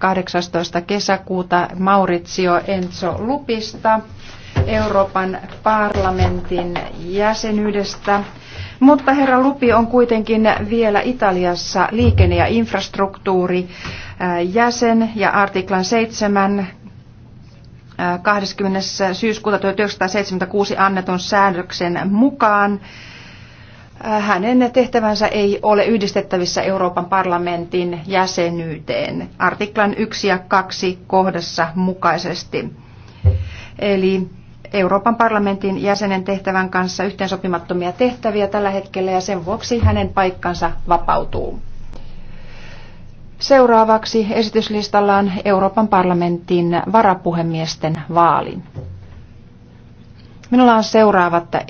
18. kesäkuuta Maurizio Enzo Lupista Euroopan parlamentin jäsenyydestä. Mutta herra Lupi on kuitenkin vielä Italiassa liikenne- ja infrastruktuuri äh, jäsen ja artiklan 7 20. Äh, syyskuuta 1976 annetun säädöksen mukaan hänen tehtävänsä ei ole yhdistettävissä Euroopan parlamentin jäsenyyteen artiklan 1 ja 2 kohdassa mukaisesti. Eli Euroopan parlamentin jäsenen tehtävän kanssa yhteensopimattomia tehtäviä tällä hetkellä ja sen vuoksi hänen paikkansa vapautuu. Seuraavaksi esityslistalla on Euroopan parlamentin varapuhemiesten vaali. Minulla on seuraavat